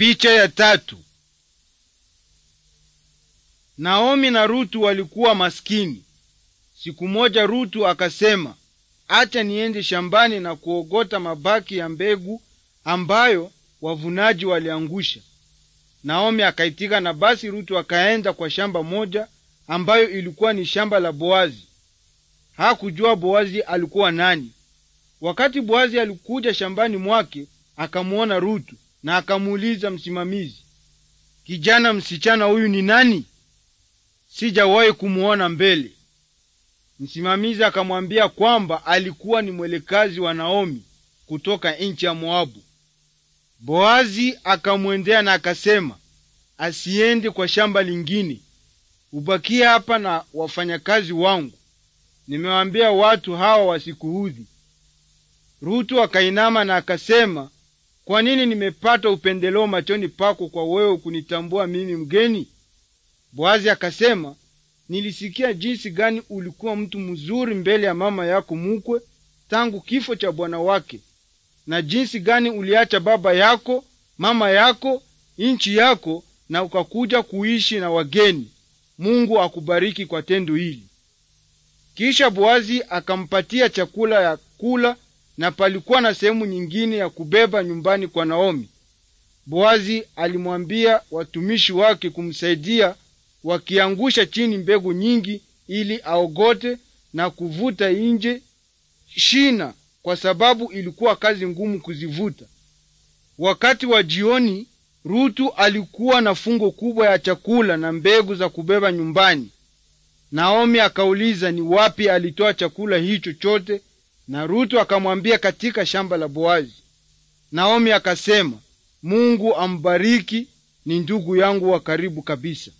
Picha ya tatu. Naomi na Rutu walikuwa maskini. Siku moja Rutu akasema, acha niende shambani na kuogota mabaki ya mbegu ambayo wavunaji waliangusha. Naomi akaitika, na basi Rutu akaenda kwa shamba moja ambayo ilikuwa ni shamba la Boazi. Hakujua Boazi alikuwa nani. Wakati Boazi alikuja shambani mwake, akamwona Rutu na akamuuliza msimamizi, kijana msichana huyu ni nani? Sijawahi kumwona mbele. Msimamizi akamwambia kwamba alikuwa ni mwelekazi wa Naomi kutoka nchi ya Moabu. Boazi akamwendea na akasema, asiende kwa shamba lingine, ubakie hapa na wafanyakazi wangu. Nimewaambia watu hawa wasikuudhi. Rutu akainama na akasema, kwa nini nimepata upendeleo machoni pako kwa wewe kunitambua mimi mgeni? Boazi akasema, nilisikia jinsi gani ulikuwa mtu mzuri mbele ya mama yako mukwe tangu kifo cha bwana wake, na jinsi gani uliacha baba yako, mama yako, nchi yako na ukakuja kuishi na wageni. Mungu akubariki kwa tendo hili. Kisha Boazi akampatia chakula ya kula na palikuwa na sehemu nyingine ya kubeba nyumbani kwa Naomi. Boazi alimwambia watumishi wake kumsaidia wakiangusha chini mbegu nyingi ili aogote na kuvuta nje shina, kwa sababu ilikuwa kazi ngumu kuzivuta. Wakati wa jioni, Rutu alikuwa na fungo kubwa ya chakula na mbegu za kubeba nyumbani. Naomi akauliza ni wapi alitoa chakula hicho chote na Rutu akamwambia katika shamba la Boazi. Naomi akasema, Mungu ambariki, ni ndugu yangu wa karibu kabisa.